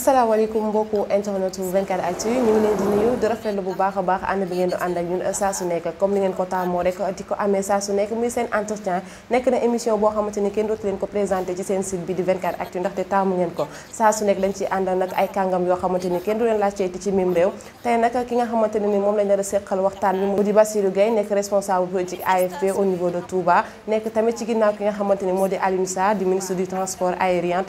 asalaamaaleykum mbokku internetu 24 actu ñu ngi leen di nuyu di rafetlu bu baax a baax ànd bi ngeen di ànd ak saa su nekk comme ni ngeen ko taamoo rek di ko saa su nekk muy seen entretien nekk na émission boo xamante ni kenn dootu leen ko présenté ci seen site bi di 24 actu ndaxte taamu ay kàngam yoo xamante ni kenn du leen laajteeti ci mim réew tey nag ki nga xamante ne ni moom lañ nar seqal waxtaan bi mu di Bassirou Gueye nekk responsable politique AFP au niveau de Touba nekk tamit ci ginnaaw ki nga xamante ni moo di Alioune Sarr di ministre du transport aérien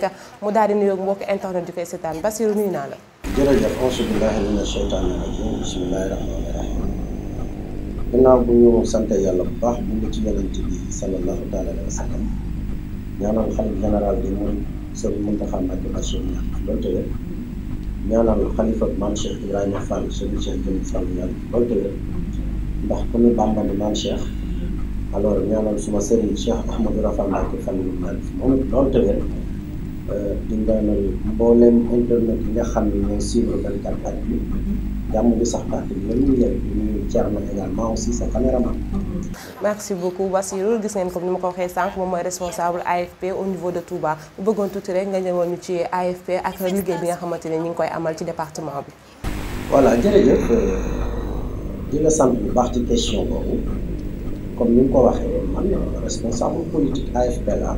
ko Cheikh mu daal di nuyoog mbokk internet di koy seetaan Basiru nuyu naa la. jërëjëf auzu billaahi mina sheytaani rajiim bismillaahi bu sant yàlla bu baax bu ci yonent bi sallallahu taala alayhi wa sallam ñaanal xalif général bi mooy Sëriñ Muntaxa Jëm Fall ñàkk lool tëwër ndax ku ñu bàmbali maam Cheikh alors ñaanal suma sëriñ Cheikh Ahmadou Rafa Mbàkke Fall ñàkk moom it lool tëwër di ñaanal mboolem internet bi nga xam ne ñooy suivre 24 bi jàmm bi sax baax na ñu ngi ñu Thierno également aussi sa caméraman. merci beaucoup Bassirou gis ngeen comme ni ma ko waxee sànq moom mooy responsable AFP au niveau de Touba bu bëggoon tuuti rek nga ñëwoon ñu ci AFP ak liggéey bi nga xamante ne ñu ngi koy amal ci département bi. voilà jërëjëf euh, di la sant bu baax ci question boobu comme ni nga ko waxee man responsable politique AFP la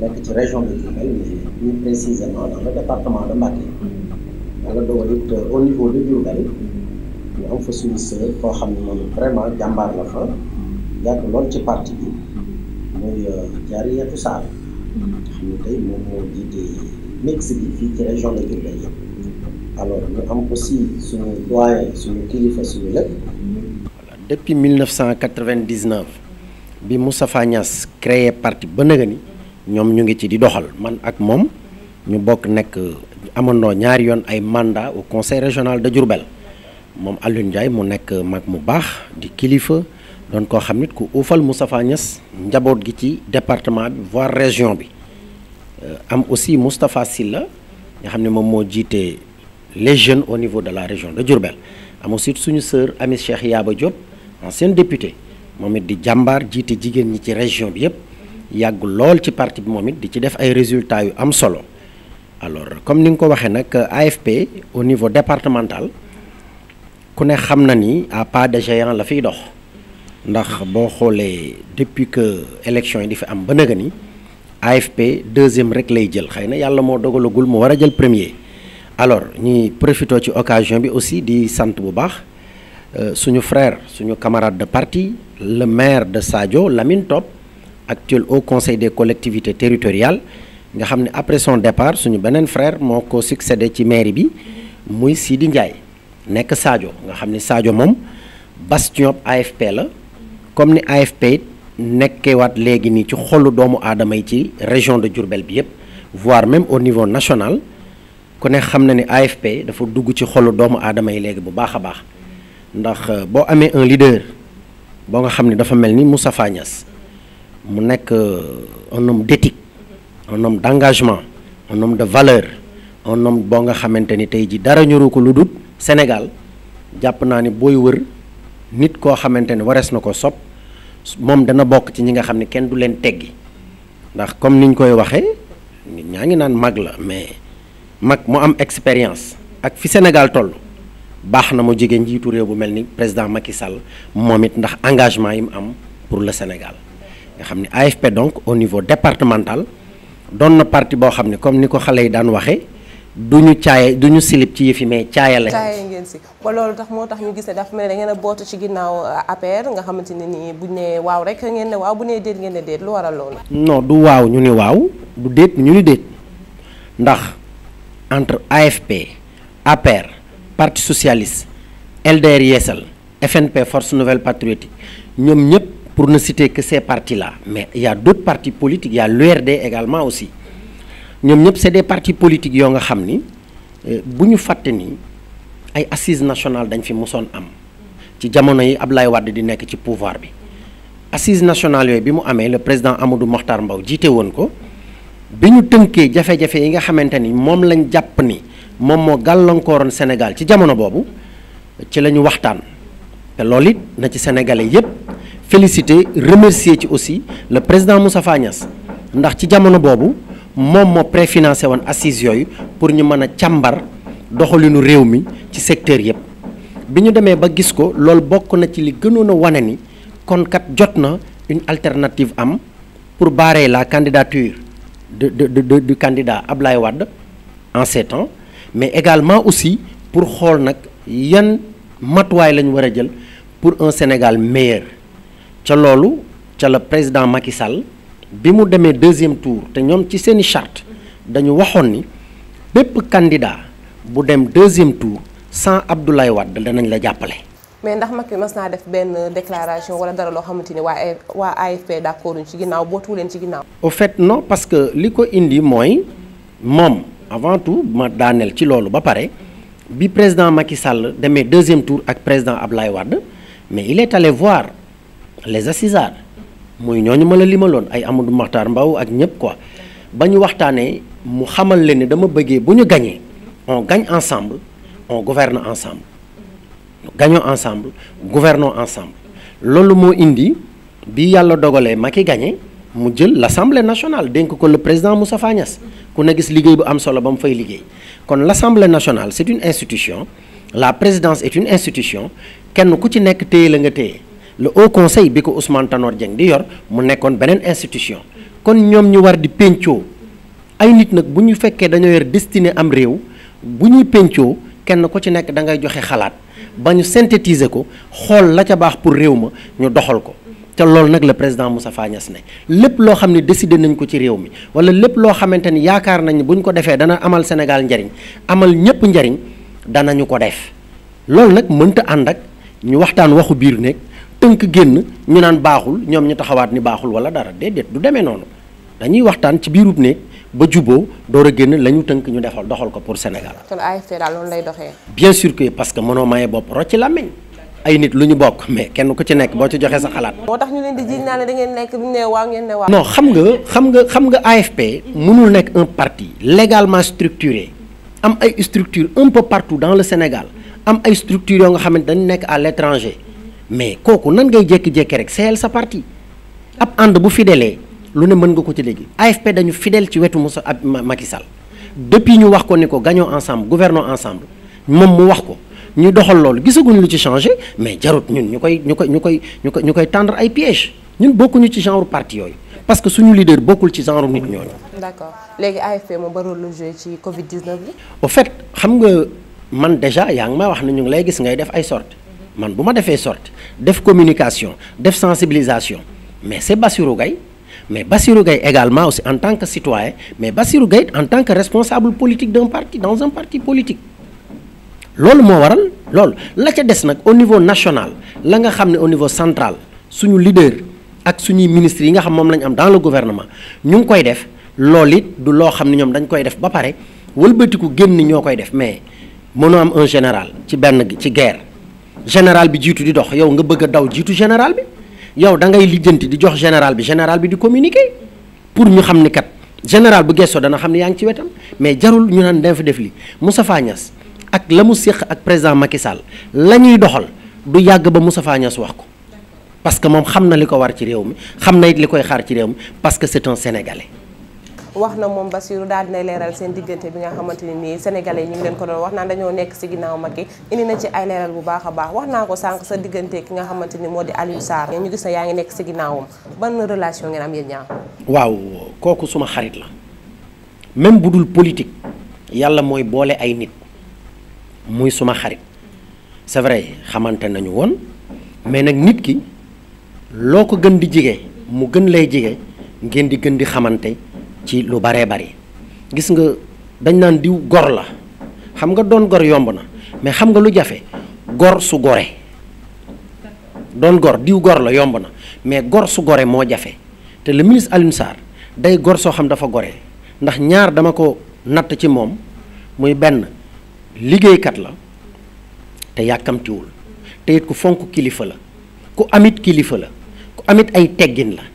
nekk ci région de Diourbel mais plus précisément dans le département de Mbacké mm-hmm. it euh, au niveau de Diourbel mm-hmm. ñu am fa suñu sœur koo xam ne moom vraiment jàmbaar la fa mm-hmm. yàgg lool ci parti bi muy Diarriatou euh, Sarr xam ne tey moom moo jiite mix bi fii ci région de Diourbel yëpp alors ñu am aussi suñu doyen suñu kilifa suñu lépp depuis 1999 bi Moustapha Niass créé parti ba nëga ni ñoom ñu ngi ci di doxal man ak moom ñu bokk nekk amandoo ñaari yoon ay mandat au conseil régional de Diourbel moom Alioune Ndiaye mu nekk mag mu baax di kilifa doon koo xam nit ku uufal Moustapha Niass njaboot gi ci département bi voire région bi euh, am aussi Moustapha Silla nga xam ne moom moo jiite les jeunes au niveau de la région de Diourbel am aussi suñu sœur Ami Cheikh Yaba Diop ancienne députée moom it di jàmbaar jiite jigéen ñi ci région bi yëpp yàgg lool ci parti bi moom it di ci def ay résultat yu am solo alors comme ni nga ko waxee nag AFP au niveau départemental ku ne xam na ni à pas de géant la fiy dox ndax boo xoolee depuis que élection yi di fi am ba nëga ni AFP deuxième rek lay jël xëy na yàlla moo dogalagul mu war a jël premier alors ñuy profité ci occasion bi aussi di sant bu baax euh, suñu frère suñu camarade de parti le maire de Sadio Lamine Top actuel au conseil des collectivités territoriales nga xam ne après son départ suñu beneen frère moo ko succédé ci mairie bi muy Sidi Ndiaye nekk Sadio nga xam ne Sadio moom bastion AFP la comme ni AFP nekkewaat léegi nii ci xolu doomu aadama yi ci région de Diourbel bi yëpp voire même au niveau national ku ne xam na ne AFP dafa dugg ci xolu doomu aadama yi léegi bu baax a baax ndax euh, boo amee un leader boo nga xam ne dafa mel ni Moustapha Niasse mu nekk euh, un homme d'éthique un homme d'engagement un homme de valeur un homme boo nga xamante ni tey ji dara ñoru ko lu dul Sénégal jàpp naa ni booy wër nit koo xamante ni warees na ko sopp moom dana bokk ci ñi nga xam ne kenn du leen teggi ndax comme niñ koy waxee nit ñaa ngi naan mag la mais mag mu am expérience ak fi Sénégal toll baax na mu jege njiitu réew bu mel ni président Macky Sall moom it ndax engagement yi mu am pour le Sénégal nga xam ne AFP donc au niveau départemental doon na parti boo xam ne comme ni ko xale yi daan waxee du ñu caaya du ñu silib ci yëf yi mais caaya lañ. caaya ngeen si ba loolu tax moo tax ñu gis ne dafa mel ne da ngeen a bootu ci ginnaaw euh, APR nga xamante ne nii bu ne waaw rek ngeen ne waaw bu nee déet ngeen ne déet waral loolu. non du waaw ñu ni waaw du déet ñu ni ndax entre AFP APR parti socialiste LDR Yeesal FNP force nouvelle patriotique ñoom ñëpp. pour ne citer que parti la là mais il y a d'autres partis politiques il de a également aussi ñoom ñëpp c'est des partis politiques yoo nga xam ni euh, bu ñu fàtte ni ay assises nationale dañ fi mosoon am ci jamono yi Ablaye wadd di nekk ci pouvoir bi assises nationales yooyu bi mu amee la président Amadou Mokhtar Mbow jiite woon ko bi ñu tënkee jafe-jafe yi nga xamante ni moom lañ jàpp ni moom moo gàllankooroon Sénégal ci jamono boobu ci la ñu waxtaan te loolu it na ci sénégalais yëpp. féliciter remercier ci aussi le président Moustapha Niasse ndax ci jamono boobu moom moo préfinancé woon assises yooyu pour ñu mën a càmbar doxalinu réew mi ci secteur yëpp bi ñu demee ba gis ko loolu bokk na ci li gënoon wane ni kon kat jot na une alternative am pour barrer la candidature de de de du candidat Ablaye wadd en ces temps mais également aussi pour xool nag yan matuwaay la ñu war a jël pour un Sénégal meilleur. ca loolu ca la président Macky Sall bi mu demee deuxième tour te ñoom ci seeni chart dañu waxoon ni bépp candidat bu dem deuxième tour sans wadd Wade danañ la jàppale. mais ndax Macky mas naa def benn déclaration wala dara loo xamante ni waa waa AFP d'accord ci ginnaaw bootu leen ci ginnaaw. au fait non parce que li ko indi mooy moom avant tout ma daaneel ci loolu ba pare bi président Macky Sall demee deuxième tour ak président Abdoulaye Wade mais i est allé les assisards muy ñooñu ma la limaloon ay Amadou Makhtar Mbow ak ñëpp quoi ba ñu waxtaanee mu xamal leen ne dama bëggee bu ñu gañee on gagne ensemble on gouverne ensemble gagnons ensemble gouvernons ensemble loolu moo indi bi yàlla dogalee ma Macky gagné mu jël l'Assemblée nationale dénk ko la président Moustapha Niasse ku ne gis liggéey bu am solo ba mu fay liggéey kon l'Assemblée nationale c'est une institution la présidence est une institution kenn ku ci nekk téye la nga téye le haut conseil bi ko Ousmane Tanor Dieng di yor mu nekkoon beneen institution kon ñoom ñu war di pencoo ay nit nag bu ñu fekkee dañoo yor destiné am réew bu ñuy pencoo kenn ku ci nekk da ngay joxe xalaat ba ñu synthétiser ko xool la ca baax pour réew ma ñu doxal ko te loolu nag la président Moustapha Niasse ne lépp loo xam ne décidé nañ ko ci réew mi wala lépp loo xamante ni yaakaar nañ bu ñu ko defee dana amal Sénégal njariñ amal ñëpp njariñ danañu ko def loolu nag mënta ànd ak ñu waxtaan waxu biir nekk tënk génn ñu naan baaxul ñoom ñu taxawaat ni baaxul wala dara déedéet du demee noonu dañuy waxtaan ci biirub néeg ba juboo door a génn la ñu tënk ñu defal doxal ko pour Sénégal. kon AFP lay doxee. bien sûr que parce que mënoo maye bopp rocci làmmiñ ay nit lu ñu bokk mais kenn ku ci nekk boo ci joxee sa xalaat. moo tax leen di jiiñ naa ne ngeen nekk bu ñu nee waaw ngeen ne xam nga xam nga xam nga AFP. mënul nekk un parti légalement structuré am ay structure un peu partout dans le Sénégal am ay structures yoo nga xam ne dañu nekk à l'étranger mais kooku nan ngay jékki-jékki rek seeyal sa parti ab ànd bu fidèlee lu ne mën nga ko ci léegi AFP dañu fidèle ci wetu Moussa ab Macky Sall depuis ñu wax ko ni ko gagnons ensemble gouvernons ensemble moom mu wax ko ñu doxal loolu gisaguñu lu ci changé mais jarut ñun ñu koy ñu koy ñu koy ñu koy ñu koy tendre ay pièges ñun bokkuñu ci genre parti yooyu parce que suñu leader bokkul ci genre nit ñooñu. d'accord léegi AFP moom ba rôle la joué ci Covid 19 bi. xam nga man déjà yaa ngi may wax ne ñu ngi lay gis ngay def ay sorties. man bu ma defee sorte def communication def sensibilisation mais c'est Bassirou gay mais Bassirou gay également aussi en tant que citoyen mais Bassirou Gaye en tant que responsable politique d'un parti dans un parti politique loolu moo waral loolu la ca des nag au niveau national la nga xam ne au niveau central suñu lider ak suñuy ministres yi nga xam moom lañu am dans le gouvernement ñu ngi koy def loolu it du loo xam ne ñoom dañ koy def ba pare wëlbatiku génn ñoo koy def mais mënoo am un général ci benn ci guerre général bi jiitu di dox yow nga bëgg a daw jiitu général bi yow da ngay lijjanti di jox général bi général bi di communiquer pour ñu xam ni kat général bu gestoo dana xam ne yaa ngi ci wetam mais jarul ñu naan dañ fa def li Moustapha Niass ak la mu séq ak président Macky Sall la ñuy doxal du yàgg ba Moustapha Niass wax ko parce que moom xam na li ko war ci réew mi xam na it li koy xaar ci réew mi parce que c'est un Sénégalais wax na moom Bassirou daal dina leeral seen diggante bi nga xamante ne nii sénégalais ñu ngi leen ko doon wax naan dañoo nekk si ginnaaw Macky indi na ci ay leeral bu baax a baax wax naa ko sànq sa diggante ki nga xamante ni moo di Aliou Sarr ñu gis na yaa ngi nekk si ginnaawam ban relation ngeen am yéen ñaar waaw kooku suma xarit la même bu dul politique yàlla mooy boole ay nit muy suma xarit c'est vrai xamante nañu woon mais nag nit ki loo ko gën di jige mu gën lay jige ngeen di gën di xamante ci lu baree bari gis nga dañ naan diw gor la xam nga doon gor yomb na mais xam nga lu jafe gor su gore doon gor diw gor la yomb na mais gor su gore moo jafe te le ministre Alioune day gor soo xam dafa gore ndax ñaar dama ko natt ci moom muy benn liggéeykat la te yàkkamtiwul te ku fonk kilifa la ku amit kilifa la ku amit ay teggin la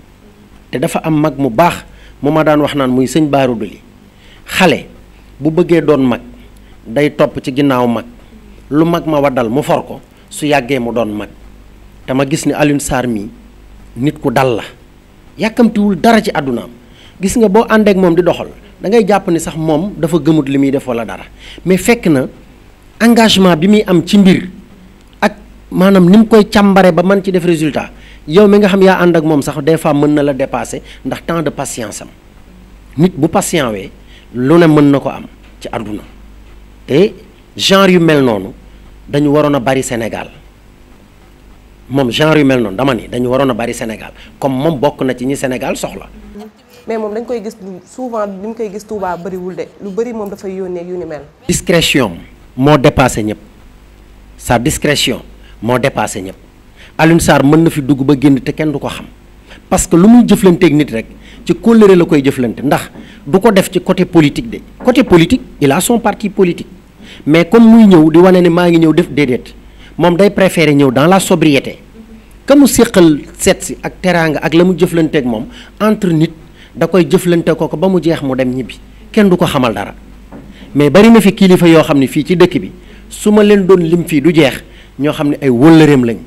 te dafa am mag mu baax mu ma daan wax naan muy sëñ Baara Doli xale bu bëggee doon mag day topp ci ginnaaw mag lu mag ma waddal mu for ko su yàggee mu doon mag te ma gis ni Alioune Sarr mii nit ku dal la yàkkamtiwul dara ci àddunaam gis nga boo àndeek moom di doxal da ngay jàpp ni sax moom dafa gëmut li muy def wala dara mais fekk na engagement bi muy am ci mbir ak maanaam ni mu koy càmbare ba man ci def résultat yow mi nga xam yaa ànd ak moom sax des fois mën na la dépasser ndax temps de patience am nit bu patient wee lu ne mën na ko am ci àdduna te genre yu mel noonu dañu waroon a bari Sénégal moom genre yu mel noonu dama ni dañu waroon a bari Sénégal comme moom bokk na ci ñi Sénégal soxla. mais moom dañ koy gis souvent li ñu koy gis Touba bariwul de lu bëri moom dafay yónnee yu ni mel. discrétion moo dépassé ñëpp sa discrétion moo dépassé ñëpp. Alioune Sarr mën na fi dugg ba génn te kenn du ko xam parce que lu muy jëflanteeg nit rek ci kóllëre la koy jëflante ndax du ko def ci côté politique de côté politique il son parti politique mais comme muy ñëw di wane ne maa ngi ñëw def déedéet moom day préférer ñëw dans la sobriété ka mu séqal seet si ak teraanga ak la mu jëflanteeg moom entre nit da koy jëflante ko ko ba mu jeex mu dem ñibbi kenn du ko xamal dara mais bari na fi kilifa yoo xam ne fii ci dëkk bi su ma leen doon lim fii du jeex ñoo xam ne ay wëllëreem lañ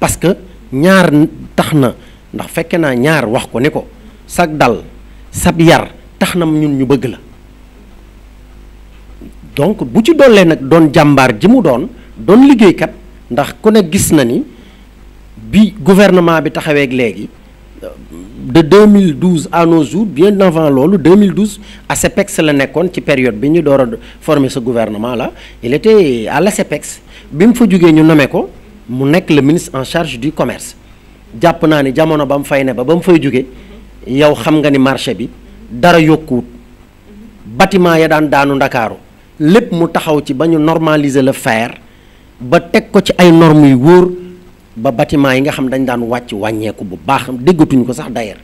parce que ñaar tax na ndax fekke naa ñaar wax ko ni ko sag dal sab yar tax na ñun ñu bëgg la donc bu ci dollee nag doon jàmbaar ji mu doon doon liggéeykat ndax ku ne gis na ni bi gouvernement bi taxawee ak léegi euh, de 2012 à nos jours bien avant loolu 2012 ASEPEX la nekkoon ci période bi ñu door a former ce gouvernement là il était à l'ASEPEX bi mu fa jógee ñu nommé ko mu nekk le ministre en charge du commerce jàpp naa ni jamono ba mu fay ne ba ba mu fay jóge yow xam nga ni marché bi dara yokkuwut bâtiment ya daan daanu ndakaaru lépp mu taxaw ci ba ñu normaliser la faire ba teg ko ci ay normes yu wóor ba bâtiment yi nga xam dañ daan wàcc wàññeeku bu baax déggatuñ ko sax d'ailleurs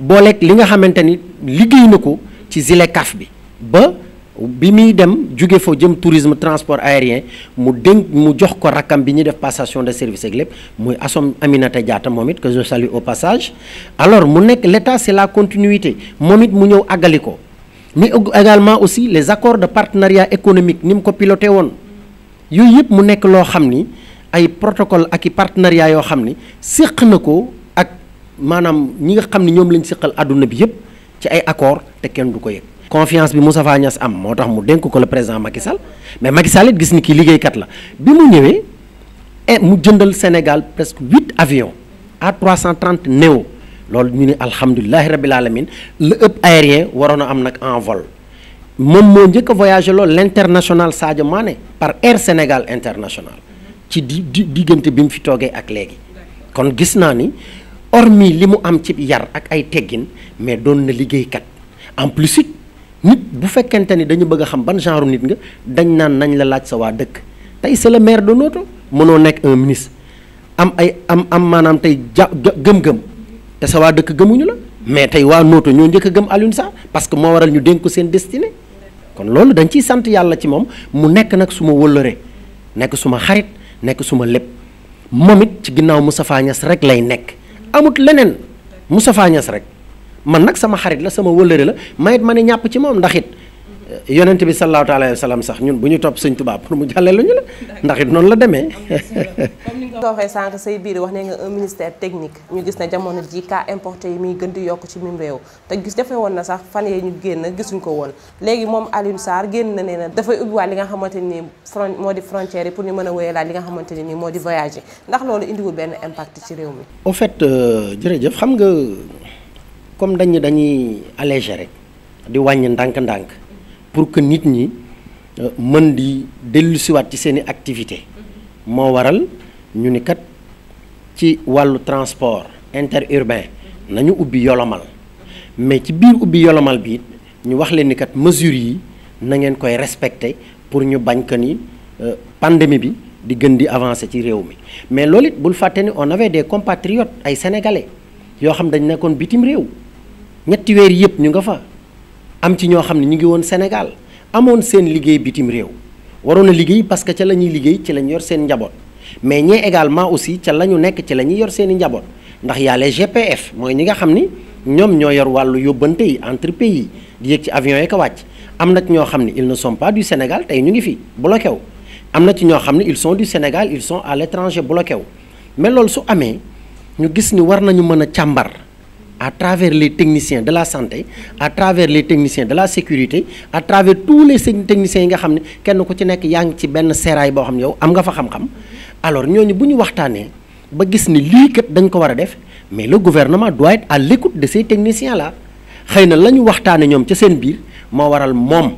booleeg li nga xamante ni liggéey na ko ci zile kaf bi ba bi muy dem jóge foo jëm tourisme transport aérien mu dénk mu jox ko rakkam bi ñuy def passation de service ak lépp muy asom Aminata Diatta moom it que je salue au passage alors mu nekk l'état c'est la continuité moom it mu ñëw àggali ko mais également aussi les accords de partenariat économique ni mu ko piloté woon yooyu yëpp mu nekk loo xam ni ay protocole ak i partenariat yoo xam ni séq na ko ak maanaam ñi nga xam ni ñoom lañ séqal àdduna bi yëpp ci ay accords te kenn du ko yëg confiance bi Moustapha Niasse am moo tax mu dénk ko le président Macky Sall mais Macky Sall it gis ni kii liggéeykat la bi mu ñëwee e mu jëndal Sénégal presque huit avions A330 néew loolu ñu ne alhamdulilahi rabil alamin le hub aérien waroon a am nag en vol moom moo njëkk a lool loolu l' international Sadio Mané par Air Sénégal international ci di di diggante bi mu fi toogee ak léegi kon gis naa ni hormis li mu am ci yar ak ay teggin mais doon nit bu fekkente ni dañu bëgg a xam ban genre nit nga dañ naan nañ la laaj sa waa dëkk tey c'est le maire de Noto mënoo nekk un ministre am ay am am maanaam tey ja gëm-gëm te sa waa dëkk gëmuñu la mais tey waa Noto ñoo njëkk gëm Alioune Sarr parce que moo waral ñu dénk seen destinée kon loolu dañ ciy sant yàlla ci moom mu nekk nag suma wëllëre nekk suma xarit nekk suma lépp moom it ci ginnaaw Moustapha Niass rek lay nekk amut leneen Moustapha Niass rek. man nag sama xarit la sama wëllëre la mayit ma ne ñàpp ci moom ndax it eh, yonent bi sallallahu alayhi wa sallam sax ñun bu ñu topp suñ Tuubaa pour mu jàllee lu la ndax it noonu la demee comme ni nga say biir wax ne nga ministère technique ñu gis ne jamono ji cas importé yi muy gën di yokk ci mim réew te gis defee woon na sax fan yee ñu génn gisuñ ko woon léegi moom Alioune Sarr génn na nee na dafay ubbiwaat li nga xamante ni front moo di frontière yi pour ñu mën a wéyalaat li nga xamante ni moo di voyage ndax loolu indiwul benn impact ci réew mi au fait euh, jërëjëf xam nga comme dañ dañuy alléger di wàññi ndànk-ndànk pour que nit ñi euh, mën di dellusiwaat ci seen i activité moo waral ñu ni kat ci wàllu transport interurbain nañu ubbi yolomal mais ci biir ubbi yolomal bi ñu wax leen ni kat mesure yi na ngeen koy respecter pour ñu bañ que ni euh, pandémie bi di gën di avancer ci réew mi mais loolu it bul fàtte ni on avait des compatriotes ay sénégalais yoo xam dañ nekkoon bitim réew ñetti weer yëpp ñu nga fa am ci ñoo xam ne ñu ngi woon Sénégal amoon seen liggéey bitim réew waroon a liggéey parce que ca la ñuy liggéey ci la yor seen njaboot mais ñee également aussi ca la ñu nekk ci la ñuy yor seen i njaboot ndax y a les GPF mooy ñi nga xam ni ñoom ñoo yor wàllu yóbbante yi entre pays di yéeg ci avion yi ko wàcc am na ci ñoo xam ne ils ne sont pas du Sénégal tey ñu ngi fi bloqué wu am na ci ñoo xam ne ils sont du Sénégal il sont à l' étranger bloqué wu mais loolu su amee ñu gis ni war nañu mën a càmbar à travers les techniciens de la santé à travers les techniciens de la sécurité à travers tous les techniciens yi nga xam ne kenn ku ci nekk yaa ngi ci benn seeraay boo xam ne yow am nga fa xam-xam ñoo ñooñu bu ñu waxtaanee ba gis ni lii kat dañ ko war a def mais le gouvernement doit être à l'écoute de ces techniciens la xëy na la ñu waxtaane ñoom ca seen biir moo waral moom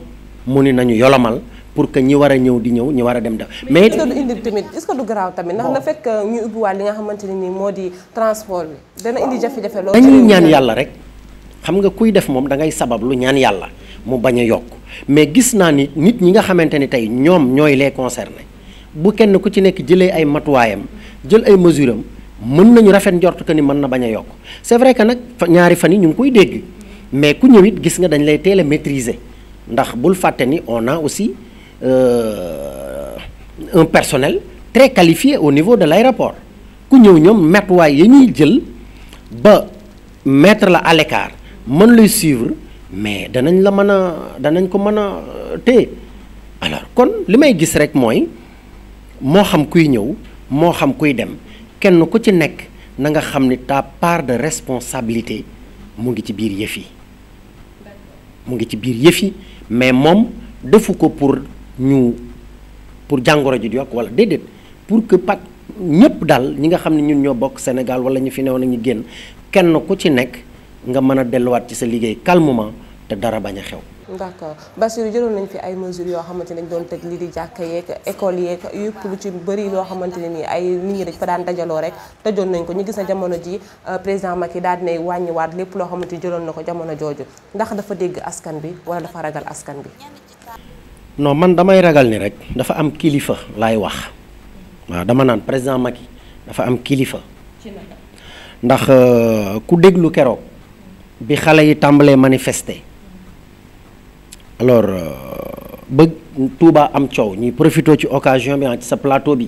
mu ni nañu yolomal pour que ñi war a ñëw di ñëw ñi war a dem def mais est-ce que du tamit est-ce du garaaw tamit ndax na fekk ñu ubbiwaat li nga xamante ne nii moo di transport bi dana indi jafe-jafe loolu dañuy ñaan yàlla rek xam nga kuy def moom da ngay sabab lu ñaan yàlla mu bañ a yokk mais gis naa ni nit ñi nga xamante ni tey ñoom ñooy les concernés bu kenn ku ci nekk jëlee ay matuwaayam jël ay mesure am mën nañu rafet njort que ni mën na bañ a yokk c'est vrai que nag ñaari fan yi ñu ngi koy dégg mais ku ñëw it gis nga dañ lay teel a maîtriser ndax fàtte ni on a aussi Euh, un personnel très qualifié au niveau de l'aéroport ku ñëw ñoom matuwaay yi ñuy jël ba mettre la à l'écart mën lay suivre mais danañ la mën a danañ ko mën a euh, te alors kon li may gis rek mooy moo xam kuy ñëw moo xam kuy dem kenn ku ci nekk na nga xam ni ta part de responsabilité mu ngi ci biir yëf yi mu ngi ci biir yëf yi mais moom defu ko pour ñu pour jàngoro ji di yokk wala déedéet pour que pat ñëpp daal ñi nga xam ne ñun ñoo bokk Sénégal wala ñu fi newoon nañu génn kenn ku ci nekk nga mën a delluwaat ci sa liggéey calmement te dara bañ a xew. d'accord Bassirou jëloon nañ fi ay mesures yoo xamante ne dañ doon tëj lii di jàkka yeeg école yeeg yëpp lu ci bëri loo xamante ne nii ay nit ñi dañ fa daan dajaloo rek tëjoon nañ ko ñu gis na jamono ji euh, président Macky daal dinay wàññiwaat lépp loo xamante ni jëloon na ko jamono jooju ndax dafa dégg askan bi wala dafa ragal askan bi. non man damay ragal ni rek dafa am kilifa laay wax waaw dama naan président Macky dafa am kilifa ndax euh, ku déglu keroog bi xale yi tàmbalee manifeste alors euh, ba Touba am coow ñuy profité ci occasion bi ah, ci sa plateau bi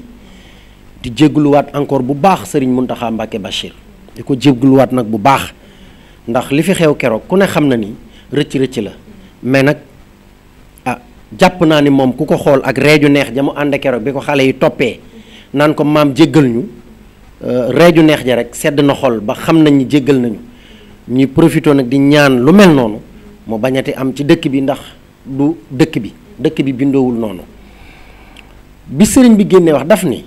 di jégluwaat encore bu baax Serigne Mountakha Mbacké Bachir di ko jégluwaat nag bu baax ndax li fi xew keroog ku ne xam na ni rëcc rëcc la mais nag. jàpp naa ni moom ku ko xool ak reeju neex ja mu ànd keroog bi ko xale yi toppee naan ko maam jéggal ñu euh, reeju neex ja rek sedd na xol ba xam nañ ni jéggal nañu ñuy profité nag di ñaan lu mel noonu mu bañati am ci dëkk bi ndax du dëkk bi dëkk bi bindoowul noonu bi sëriñ bi génnee wax daf ni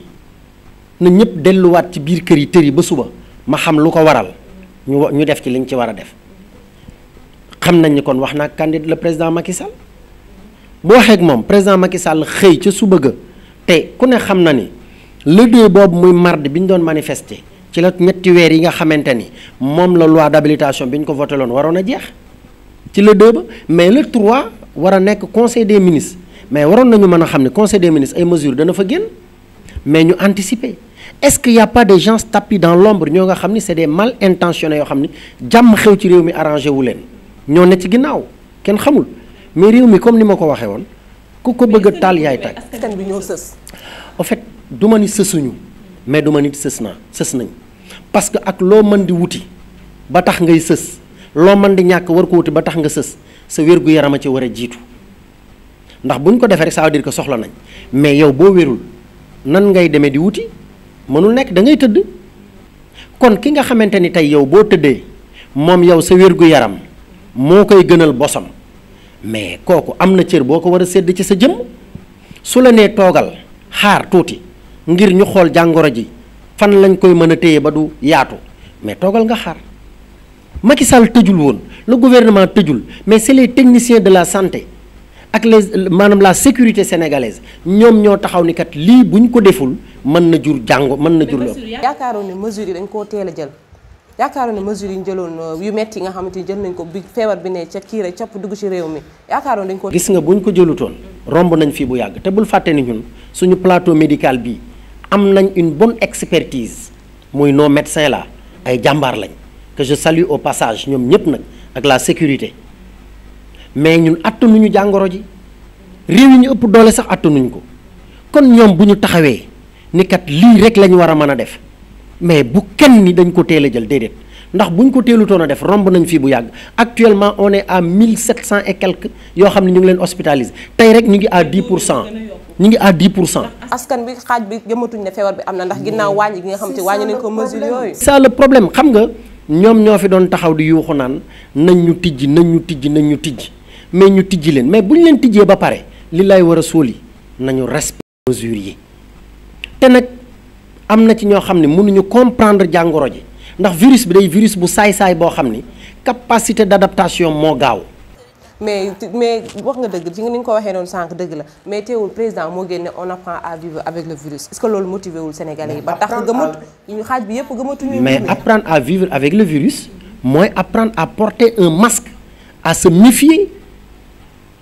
na ñëpp delluwaat ci biir kër yi tër yi ba suba ma xam lu ko waral ñu ñu def ci liñ ci war a def xam nañ ni kon wax naa candidat la président Macky Sall boo waxee ak moom président Macky Sall xëy ca su bëgg te ku ne xam na ni le boobu muy mardi bi ñu doon manifester ci la ñetti weer yi nga xamante ni moom la loi d'habilitation bi ñu ko voté waroon a jeex ci le deux ba mais le trois war a nekk conseil des ministres mais waroon nañu mën a xam ne conseil des ministres ay mesures dana fa génn mais ñu anticiper est-ce qu'il y a pas des gens tapis dans l'ombre ñoo nga xam ni c'est des mal intentionnés yoo xam ni jàmm ci réew mi arrangé wu leen ñoo ne ci ginnaaw kenn xamul. mais réew mi comme ni ma ko waxee woon ku ko bëgg a taal yaay tàkk. askan bi ñoo sës. en fait du ma ni sësuñu mais du ma nit sës naa sës nañ parce que ak loo mën di wuti ba tax ngay sës loo mën di ñàkk war ko wuti ba tax nga sës sa wérgu yaram a ci war a jiitu ndax buñ ko defaree rek ça veut soxla nañ mais yow boo wérul nan ngay demee di wuti mënul nekk da ngay tëdd kon ki nga xamante ni tey yow boo tëddee moom yow sa wérgu yaram moo koy gënal bosam. mais kooku am na cër boo ko war a sedd ci sa jëmm su la nee toogal xaar tuuti ngir ñu xool jàngoro ji fan lañ koy mën a téye ba du yaatu mais toogal nga xaar Macky Sall tëjul woon le gouvernement tëjul mais c'est les techniciens de la santé ak les maanaam la sécurité sénégalaise ñoom ñoo taxaw ni kat lii ñu ko deful mën na jur jàngo mën na jur. yaakaaroon ne mesures yi dañ koo teel a jël. yaakaaroon ne mesures yi ñu jëloon euh, yu metti yi nga xamante ni jël nañ ko bi feebar bi ne ca kii rek capp dugg ci réew mi yaakaaroon dañ ko gis nga buñ ko jëlutoon romb nañ fii bu yàgg te bul fàtte ni ñun suñu plateau médical bi am nañ une bonne expertise muy nos médecins là ay jàmbaar lañ que je salue au passage ñoom ñëpp nag ak la sécurité mais ñun ñu jàngoro ji réew yi ñu ëpp doole sax attanuñ ko kon ñoom bu ñu taxawee ni kat lii rek la ñu war a mën a def mais bu kenn ni dañ ko teel a jël déedéet ndax buñ ko teelutoon a def romb nañ fii bu yàgg actuellement on est à mille sept cent et quelques yoo xam ne ñu ngi leen hospitalisé tey rek ñu ngi à dix pour cent ñu ngi à dix pour cent. askan bi xaaj bi gëmatuñ ne feebar bi am na ndax ginnaaw wàññi gi nga xam te wàññi nañ ko mesure yooyu. ça le problème xam nga ñoom ñoo fi doon taxaw di yuuxu naan nañ ñu tijji nañ ñu tijji nañ ñu tijji mais ñu tijji leen mais buñ leen tijjee ba pare li lay war a sóoli nañu respecté mesure yi am na ci ñoo xam ne mënuñu comprendre jàngoro ji ndax virus bi day virus bu saay-saay boo xam ni capacité d'adaptation moo gaaw. mais mais wax nga dëgg ci ni nga ko waxee noonu sànq dëgg la mais teewul président moo génne on apprend à vivre avec le virus est loolu motivé wul Sénégalais yi. ba tax gëmatu xaaj bi yëpp gëmatuñu. mais apprendre à vivre avec le virus mooy apprendre à porter un masque à se méfier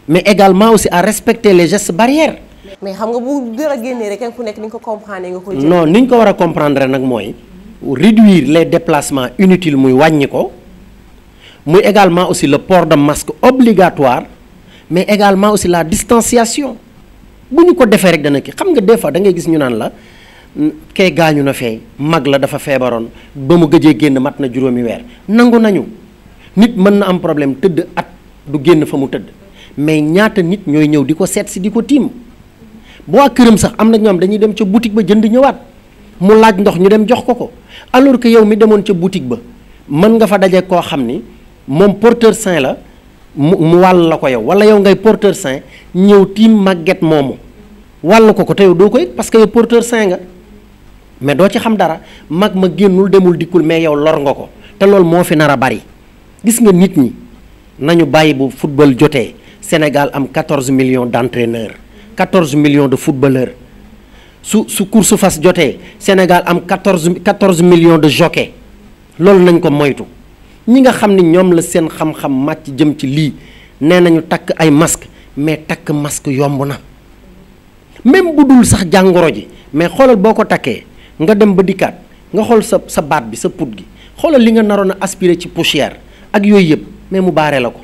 mais également aussi à respecter les gestes barrières. mais xam nga bu dara génnee rek kenn ku nekk ni nga ko comprendre nga ko. non ni ñu ko war a comprendre nag mooy réduire les déplacement inutiles muy wàññi ko muy également aussi le port de masque obligatoire mais également aussi la distanciation bu ñu ko defee rek dana ki xam nga des fois da ngay gis ñu naan la kee gaañu na fee mag la dafa feebaroon ba mu gëjee génn mat na juróomi weer nangu nañu nit mën na am problème tëdd at du génn fa mu tëdd mais ñaata nit ñooy ñëw di ko seet si di ko tiim. bu waa këram sax am na ñoom dañuy dem ca boutique ba jënd ñëwaat mu laaj ndox ñu dem jox ko ko alors que yow mi demoon ca boutique ba mën nga fa daje koo xam ni moom porteur sain la mu mu wàll la ko yow wala yow ngay porteur sain ñëw tiim màgget moomu wàll ko ko te yow doo ko yëg parce que yow porteur sain nga mais doo ci xam dara mag ma génnul demul dikkul mais yow lor nga ko te loolu moo fi nar a bari gis nga nit ñi nañu bàyyi bu football jotee Sénégal am 14 millions d'entraîneurs 14 millions de footballeurs su su course fas jotee Sénégal am 14 14 millions de jockey loolu nañ ko moytu ñi nga xam ni ñoom la seen xam-xam màcc jëm ci lii nee nañu takk ay masque mais takk masque yomb na même bu dul sax jàngoro ji mais xoolal boo ko takkee nga dem ba dikkaat nga xool sa sa baat bi sa put gi xoolal li nga naroon a aspiré ci poussière ak yooyu yëpp mais mu baare la ko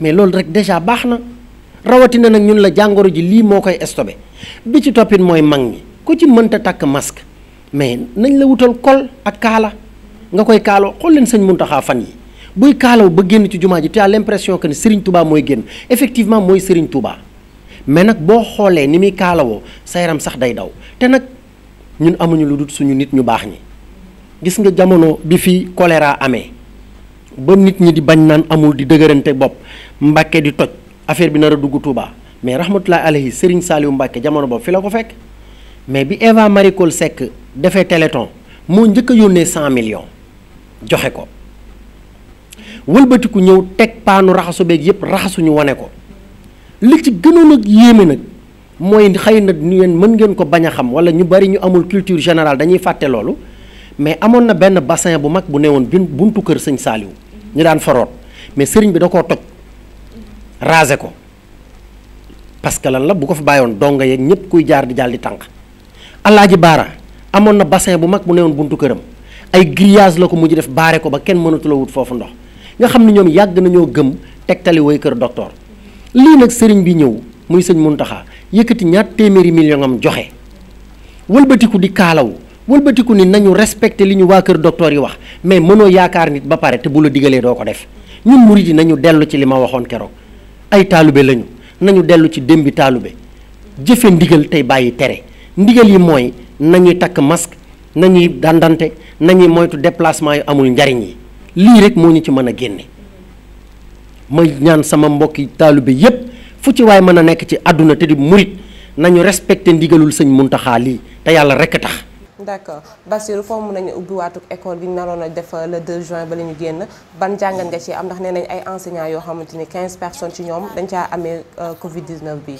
mais loolu rek déjà baax na rawatina nag ñun la jàngoro ji lii moo koy stoppé bi ci toppit mooy mag ñi ko ci mënta takk masque mais nañ la wutal kol ak kaala nga koy kaaloo xool leen sëñ taxa fan yi buy kaalaw ba génn ci jumaa ji tu as l'impression ko ne Serigne Touba mooy génn effectivement mooy Serigne Touba mais nag boo xoolee ni muy kaalawoo sa yaram sax day daw te nag ñun amuñu lu dul suñu nit ñu baax ñi gis nga jamono bi fi choléra amee ba nit ñi di bañ naan amul di dëgërante bopp Mbàkke di toj. affaire bi nar a dugg Touba mais rahmatullahi alayhi Serigne Saliou Mbacke jamono boobu fi la ko fekk mais bi Eva Marie Coll Seck defee teleton moo njëkk a yónnee cent millions joxe ko wëlbatiku ñëw teg paanu raxasu beeg yëpp raxasuñu wane ko li ci gënoon ak yéeme nag mooy xëy na yéen mën ngeen ko bañ a xam wala ñu bari ñu amul culture générale dañuy fàtte loolu mais amoon na benn bassin bu mag bu newoon bin buntu kër sëñ Saliou ñu daan faroot mais sëriñ bi da koo toj raser ko parce que lan la bu ko fi bàyyoon donga yeeg ñëpp kuy jaar di jàll di tànk alaaji baara amoon na bassen bu mag bu newoon buntu këram ay grillage la ko mu mujj def baare ko ba kenn mënatula wut foofu ndox nga xam ne ñoom yàgg nañoo gëm tegtali way kër docteur lii nag sëriñ bi ñëw muy sëñ mun Muntaxa yëkkati ñaar téeméeri million am joxe wëlbatiku di kaalawu wëlbatiku ni nañu respecté li ñu waa kër docteur yi wax mais mënoo yaakaar nit ba pare bu la digalee doo ko def ñun murid yi nañu dellu ci li ma waxoon keroog ay taalibe lañu nañu dellu ci démbi taalibe jëfe ndigal tey bàyyi tere ndigal yi mooy nañuy takk masque nañuy dandante nañuy moytu déplacement yi amul njariñ yi lii rek moo ñu ci mën a génne ma ñaan sama mbokki taalibe yépp fu ci waay mën a nekk ci àdduna te di murit nañu respecté ndigalul sañ Muntaxa te yàlla rekk tax d' accord Bassirou foo mën nañu ubbiwaatuk école bi ñu naroon a def euh, le 2 juin ba la génn ban jàngat nga ci am ndax nee nañ ay enseignants yoo xamante ni 15 personnes ci ñoom dañ caa amee euh, Covid 19 bi.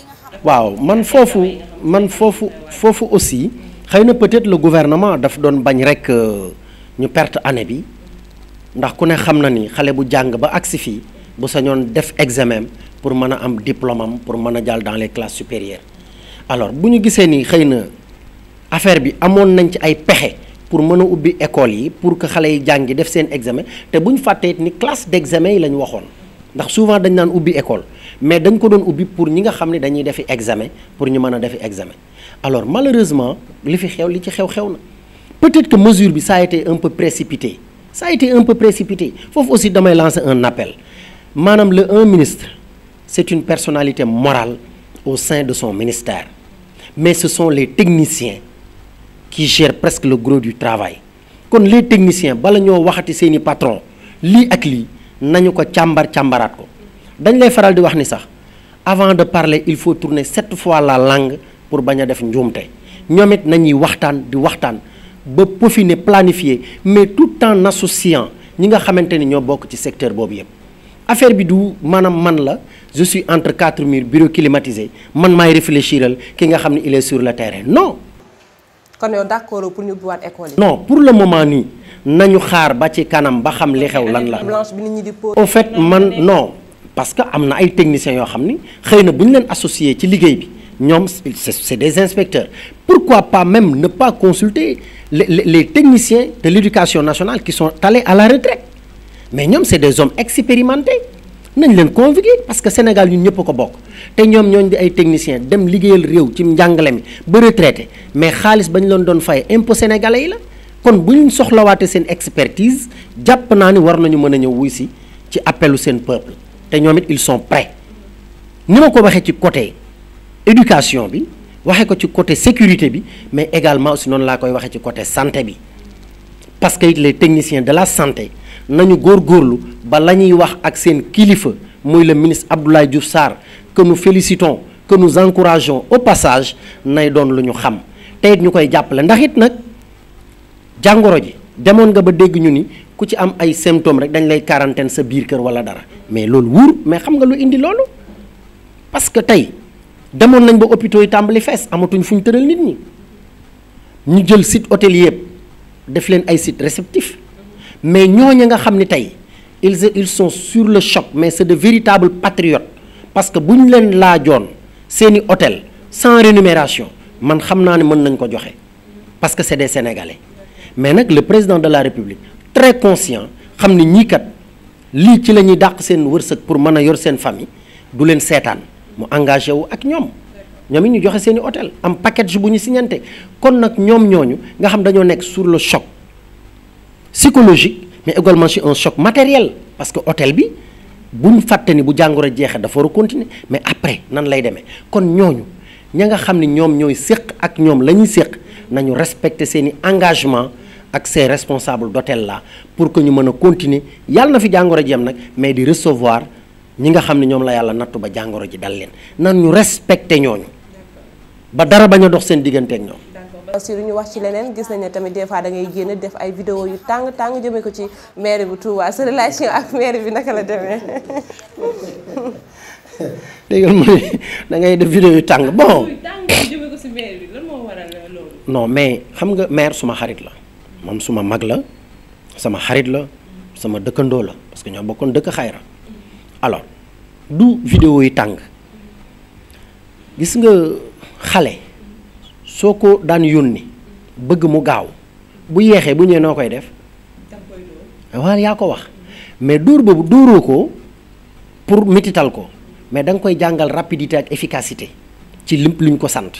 waaw man foofu man foofu foofu aussi xëy na peut-être le gouvernement daf doon bañ rek euh, ñu perte année bi ndax ku ne xam na ni xale bu jàng ba agsi fii bu sañoon def examen pour mën a am diplôme pour mën a jàll dans les classes supérieures alors bu ñu gisee nii xëy na. affaire bi amoon nañ ci ay pexe pour mën a ubbi école yi pour que xale yi jàngi def seen examen te bu ñu fàttee ni classe d'examen yi la waxoon ndax souvent dañ naan ubbi école mais dañ ko doon ubbi pour ñi nga xam ne dañuy defi examen pour ñu mën a defi examen alors malheureusement li fi xew li ci xew xew na peut-être que mesure bi ça a été un peu précipité ça a été un foofu aussi damay lancer un appel maanaam le un ministre c'est une personnalité morale au sein de son ministère mais ce sont les techniciens kii gère presque le gros du travail kon les techniciens bala ñoo waxati seen i patron lii ak lii nañu ko càmbar càmbaraat ko dañ lay faral di wax ni sax avant de parler il faut tourner sept fois la langue pour bañ a def njuumte ñoom it nañuy waxtaan di waxtaan ba peaufiner planifier mais tout en associant ñi nga xamante ni ñoo bokk ci secteur boobu yëpp affaire bi du maanaam man la je entre quatre murs bureau climatisé man maay réfléchiral ki nga xam ne il sur le terrain non kon yow d'accord pour ñu ubbiwaat école pour le moment nii nañu xaar ba ci kanam ba xam li xew lan la. blanche bi nit ñi fait man non parce que am na ay techniciens yoo xam ni xëy na bu ñu leen associé ci liggéey bi ñoom c'est des inspecteurs pourquoi pas même ne pas consulter les les techniciens de l'éducation nationale qui sont allés à la retraite mais ñoom c'est des hommes expérimentés. nañ leen convoquer parce que Sénégal ñun ñëpp ko bokk te ñoom ñooñ di ay techniciens dem liggéeyal réew ci njàngale mi ba retraité mais xaalis ba ñu leen doon faye impôt sénégale yi la kon bu ñu soxlawaatee seen expertise jàpp naa ni war nañu mën a ñëw wuy si ci appelu seen peuple te ñoom it ils sont prêts ni ma ko waxee ci côté éducation bi waxee ko ci côté sécurité bi mais également aussi noonu laa koy waxee ci côté santé bi parce que les techniciens de la santé nañu góor góorlu ba la ñuy wax ak seen kilifa muy le ministre Abdoulaye Diouf Sarr que nous félicitons que nous encourageons au passage nay doon lu ñu xam te it ñu koy jàppale ndax it nag jàngoro ji demoon nga ba dégg ñu ni ku ci am ay symptômes rek dañ lay quarantaine sa biir kër wala dara mais loolu wuur mais xam nga lu indi loolu parce que tey demoon nañ ba hôpitaux yi tàmbali fees amatuñ fu ñu tëral nit ñi ñu jël site hôtelier yëpp def leen ay sites réceptifs mais ñooñu nga xam ni tey ils ils sont sur le choc mais c'est de véritable patriotes parce que bu ñu leen laajoon seeni hôtel sans rémunération man xam naa ne mën nañ ko joxe parce que c'est des sénégalais mais nag le président de la république très conscient xam ni ñii kat lii ci la ñuy dàq seen wërsëg pour mën a yor seen famille du leen seetaan mu engagé wu ak ñoom. ñoom it ñu joxe seeni i hôtel am package bu ñu signante kon nag ñoom ñooñu nga xam dañoo nekk sur le choc psychologique mais également sur un choc matériel parce que hôtel bi buñ fàtte ni bu jàngoro jeexe dafa war a continuer mais après nan lay demee kon ñooñu ña nga xam ni ñoom ñooy séq ak ñoom la ñuy séq nañu respecter seen i engagement ak ces responsables d'hôtel là pour que ñu mën a continuer yàlla na fi jàngoro ji am nag mais di recevoir ñi nga xam ne ñoom la yàlla nattu ba jàngoro ji dal leen nan ñu respecter ñooñu ba dara bañ a dox seen diggante ak ñoom. aussi lu ñu wax ci leneen gis nañ ne tamit des fois da ngay génn def ay vidéo yu tàng tàng jëmee ko ci maire bu Touba sa relation ak maire bi naka la demee. dégg nga mu da ngay def vidéo yu tàng bon. jëmee non mais xam nga maire suma xarit la moom suma mag la sama xarit la sama dëkkandoo la parce que ñoo bokkoon dëkk xayra alors du vidéo yu tàng gis nga. xale soo ko daan yónni bëgg mu gaaw bu yeexee bu ñëwee noo koy def waaw yaa ko wax mais dóor boobu dóoroo ko pour mitital ko mais da nga koy jàngal rapidité ak efficacité ci lim luñ ko sant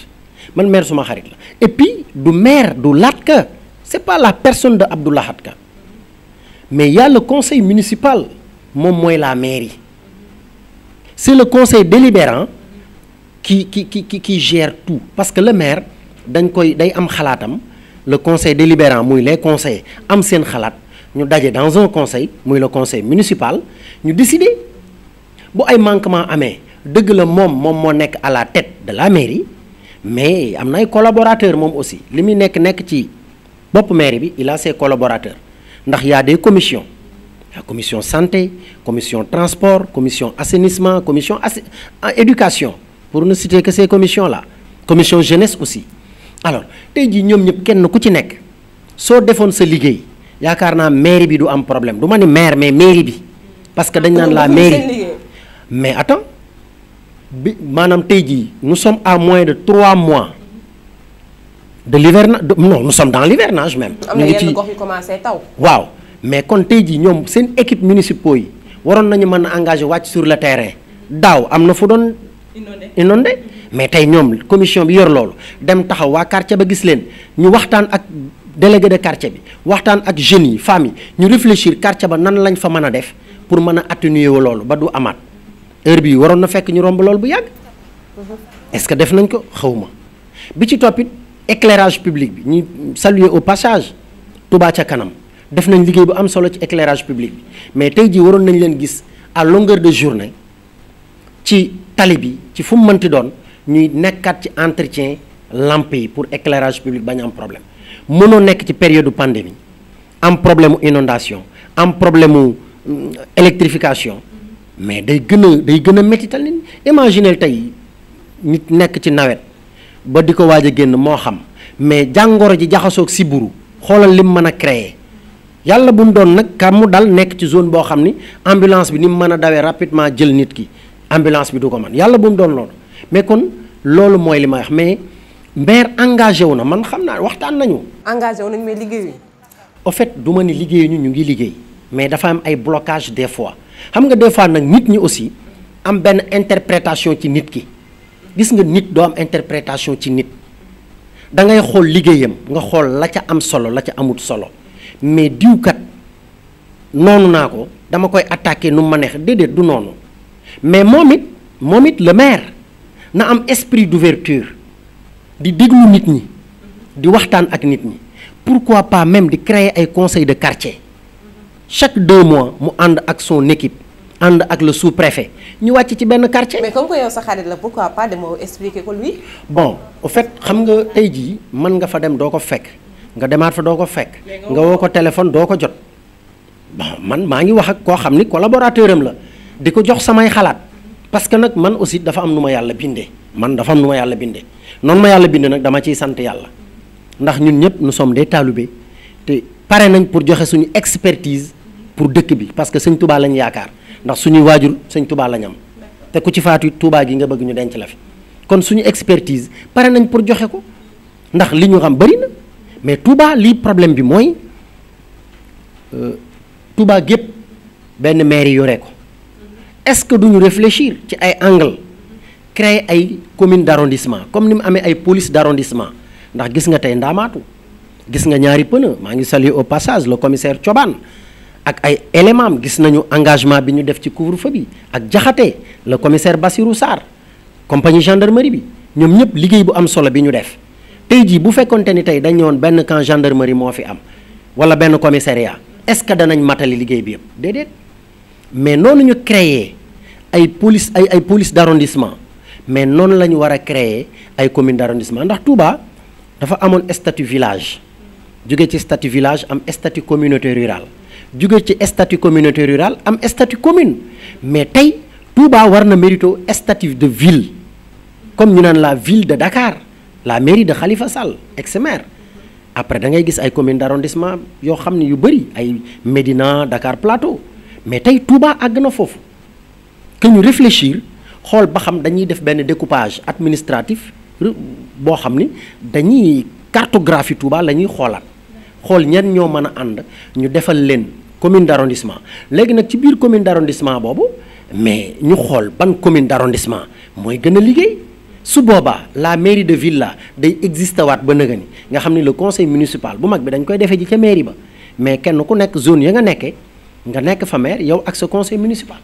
man maire suma xarit la et du maire du Lahat Ka c'est pas la personne de Abdou Lahat Ka mais yàlla a le conseil municipal moom mooy la mairie c'est le conseil délibérant qui qui qui qui gère tout parce que le maire dañ koy day am xalaatam le conseil délibérant muy les conseils am seen xalaat ñu daje dans un conseil muy le conseil municipal ñu décider bu ay manquement amee dëgg la moom moom moo nekk à la tête de la mairie mais am na ay collaborateurs moom aussi li muy nekk nekk ci bopp mairie bi il a ses collaborateurs ndax y a des commissions commission santé commission transport commission assainissement commission éducation pour ne citer que ces commissions là commission jeunesse aussi alors tey jii ñoom ñëpp kenn ku ci nekk soo defoon sa liggéey yaakaar naa mairie bi du am problème du ma ni maire mais mairie bi parce que dañ naan la mairie mais attends bi maanaam tey jii nous sommes à moins de trois mois de l'hivernage non nous sommes dans l'hivernage même. ñu ngi ci am na yenn gox yu commencé taw. waaw mais kon tey jii ñoom seen équipe municipaux yi waroon nañu mën a engagé wàcc sur le terrain inondé mais tey ñoom commission bi yor loolu dem taxaw waa quartier ba gis leen ñu waxtaan ak délégué de quartier bi waxtaan ak jeunes yi femmes ñu réfléchir quartier ba nan lañ fa mën a def pour mën a atténuer loolu ba du amaat heure bii waroon na fekk ñu romb loolu bu yàgg est-ce que def nañ ko xawma bi ci toppit éclairage public bi ñu saluer au passage Touba ca kanam def nañ liggéey bu am solo ci éclairage public bi mais tey jii waroon nañ leen gis à longueur de journée ci tali bi ci fu mu mënti doon ñuy nekkaat ci entretien lampe yi pour éclairage public bañ am problème mënoo nekk ci période pandémie am problème inondation am problème mu mm, électrification mais day gën a day gën a métital nit imaginez tey nit nekk ci nawet ba di ko waaj a génn moo xam mais jàngoro ji jaxasoog siburu xoolal lim mën a créer yàlla bu mu doon nag ka dal nekk ci zone boo xam ni ambulance bi ni mu mën a dawee rapidement jël nit ki ambulance bi du ko man yàlla bu mu doon loolu mais kon loolu mooy li may wax mais maire engagé wu na man xam naa waxtaan nañu. engagé wu nañu mais liggéeyuñu. au fait du ma ni liggéeyuñu ñu ngi liggéey mais dafa am ay blocage des fois xam nga des fois nag nit ñi aussi am benn interprétation ci nit ki gis nga nit doo am interprétation ci nit da ngay xool liggéeyam nga xool la ca am solo la ca amut solo mais diwkat noonu naa ko dama koy attaqué nu ma neex déedéet du noonu. mais moom it moom it le maire na am esprit d'ouverture di déglu nit ñi di waxtaan ak nit ñi pourquoi pas même di créer ay conseil de quartier chaque deux mois mu ànd ak son équipe ànd ak le sous-préfet ñu wàcc ci benn quartier. mais comme que la pourquoi pas demoo expliquer ko lui. bon au xam nga tey jii mën nga fa dem doo ko fekk nga demaat fa doo ko fekk nga woo ko téléphone doo ko jot bon man maa ngi wax ak koo xam ni collaborateur am la. di ko jox samay xalaat parce que nag man aussi dafa am nu ma yàlla bindee man dafa am nu ma yàlla bindee noonu ma yàlla bindee nag dama ciy sant yàlla ndax ñun ñëpp nous sommes des talibés te pare nañ pour joxe suñu expertise pour dëkk bi parce que sëñ Touba lañ yaakaar ndax suñuy waajur sëñ tubaa lañ am te ku ci faatu Touba gi nga bëgg ñu denc la fi kon suñu expertise pare nañ pour joxe ko ndax li ñu xam bëri na mais Touba lii problème bi mooy euh, Touba gépp benn maire yore ko. est-ce que duñu réfléchir ci ay angle créer ay commune d'arrondissement comme ni mu amee ay police d'arrondissement ndax gis nga tey ndaamaatu gis nga ñaari pneu maa ngi saluer au passage le commissaire Thioban ak ay élément am gis nañu engagement bi ñu def ci couvre-feu ak jaxate le commissaire Bassirou Sarr compagnie gendarmerie bi ñoom ñëpp liggéey bu am solo bi ñu def tey jii bu fekkonte ni tey dañu woon benn camp gendarmerie moo fi am wala benn commissariat est-ce que danañ matali liggéey bi yëpp déedéet mais noonu ñu créer ay police ay ay police d'arrondissement mais noonu la ñu war a créer ay commune d'arrondissement ndax Touba dafa amoon statut village jóge ci statut village am statut communauté rurale jóge ci statut communauté rurale am statut commune mais tey Touba war na mérito statut de ville comme ñu naan la ville de Dakar la mairie de xalifa Sall ex après da ngay gis ay commune d'arrondissement yoo xam ne yu bëri ay Médina Dakar Plateau mais tey Touba àgg na foofu que ñu réfléchir xool ba xam dañuy def benn découpage administratif boo xam ni dañuy cartographie Touba la ñuy xoolaat xool ñan ñoo mën a ànd ñu defal leen commune d' arrondissement léegi nag ci biir commune d' arrondissement boobu mais ñu xool ban commune d' arrondissement mooy gën a liggéey su boobaa la mairie de ville la day existé waat ba nëgëni nga xam ni le conseil municipal bu mag bi dañ koy defee ji ca mairie ba mais kenn ku nekk zone ya nga nekkee nga nekk fa yow ak sa conseil municipal.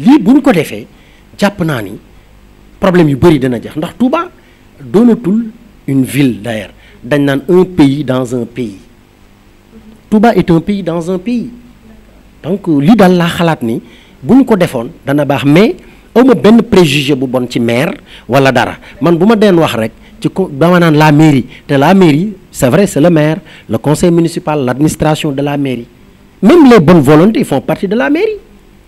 lii bu ñu ko defee jàpp naa ni problème yu bëri dana jeex ndax Touba doonatul une ville d'ailleurs dañ naan un pays dans un pays Touba est un pays dans un pays donc lii daal laa xalaat ni bu ñu ko defoon dana baax mais awma benn préjugé bu bon ci maire wala dara man bu ma deen wax rek ci ko dama naan la mairie te la mairie c'est vrai c'est le maire le conseil municipal l'administration de la mairie même les bonnes volontés font partie de la mairie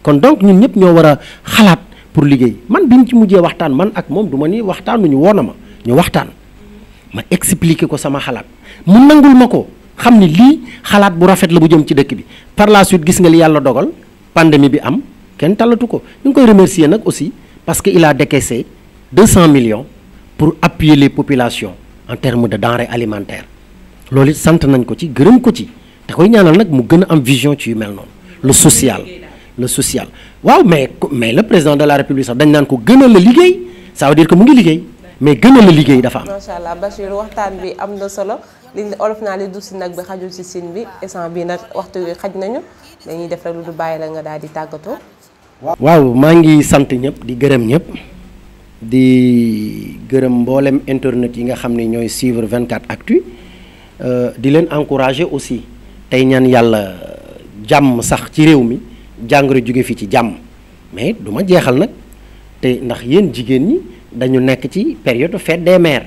kon donc ñun ñëpp ñoo war a xalaat pour liggéey man bi ñu ci mujjee waxtaan man ak moom du ma ni waxtaanuñu woo na ma ñu waxtaan ma expliquer ko sama xalaat mu nangul ma ko xam ni lii xalaat bu rafet la mu jëm ci dëkk bi par la suite gis nga li yàlla dogal pandémie bi am kenn talatu ko ñu koy remercier nag aussi parce que il a décaissé 200 millions pour appuyer les populations en termes de denrées alimentaire loolu it sant nañ ko ci gërëm ko ci te koy ñaanal nag mu gën a am vision ci mel noonu le social le social waaw mais mais le président de la république sax dañ naan ko gënal la liggéey ça veut dire que mu ngi liggéey mais gënal la liggéey dafa am. macha allah Bachir waxtaan bi am na solo li olof naa li dugg si nag bi xajul si siin bi instant bi nag waxtu xaj nañu dañuy def rek lu du bàyyi la nga daal di tàggatoo. waaw maa ngi sant ñëpp di gërëm ñëpp di gërëm mboolem internet yi nga xam ne ñooy suivre 24 actu euh, di leen encourager aussi tey ñaan yàlla jàmm sax ci réew mi. jàngoro jóge fii ci jàmm mais du ma jeexal nag te ndax yéen jigéen ñi dañu nekk ci période fête des mères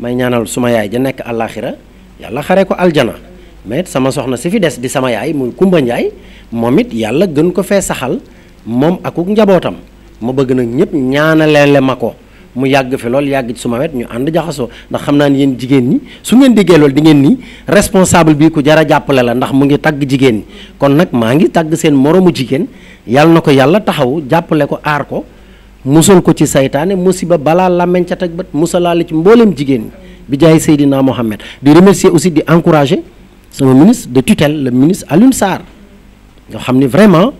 may ñaanal suma yaay ja nekk àllaaxira yàlla xare ko aljana mais sama soxna si fi des di sama yaay muy Kumba Njaay moom it yàlla gën ko fee saxal moom akuk njabootam ma bëgg nag ñëpp ñaanaleele ma ko mu yàgg fi lool yàgg ci suma wet ñu ànd jaxasoo ndax xam naa ni yéen jigéen ñi su ngeen déggee lool di ngeen ni responsable bi ku jar a jàppale la ndax mu ngi tagg jigéen ñi kon nag maa ngi tagg seen moroomu jigéen yàlla na ko yàlla taxaw jàppale ko aar ko musal ko ci saytaane musiba balaa làmmeñ ca teg bët musalaale ci mbooleem jigéen ñi bi jaay Seydina Mohamed di remercier aussi di encourager sama ministre de tutelle la ministre Alioune Sarr nga xam ni vraiment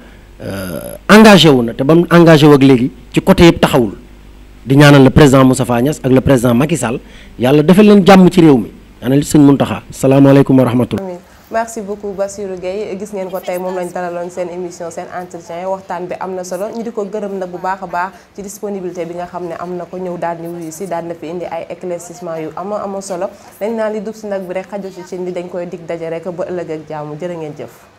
euh, engagé wu na te ba engagé wu léegi ci côté taxawul. di ñaanal le président Moustapha Niass ak le président Macky Sall yàlla defal leen jàmm ci réew mi ñaanal sëñ Mountakha salaamaaleykum wa rahmatullah merci beaucoup Bassirou Gueye gis ngeen ko tey moom lañ dalaloon seen émission seen entretien waxtaan bi am na solo ñu di ko gërëm nag bu baax a baax ci disponibilité bi nga xam ne am na ko ñëw daal ni si daan na fi indi ay éclaircissement yu ama ama solo dañ naa li dub si nag bi rek xajo ci cin li dañ koy dig daje rek ba ëllëg ak jërë ngeen jëf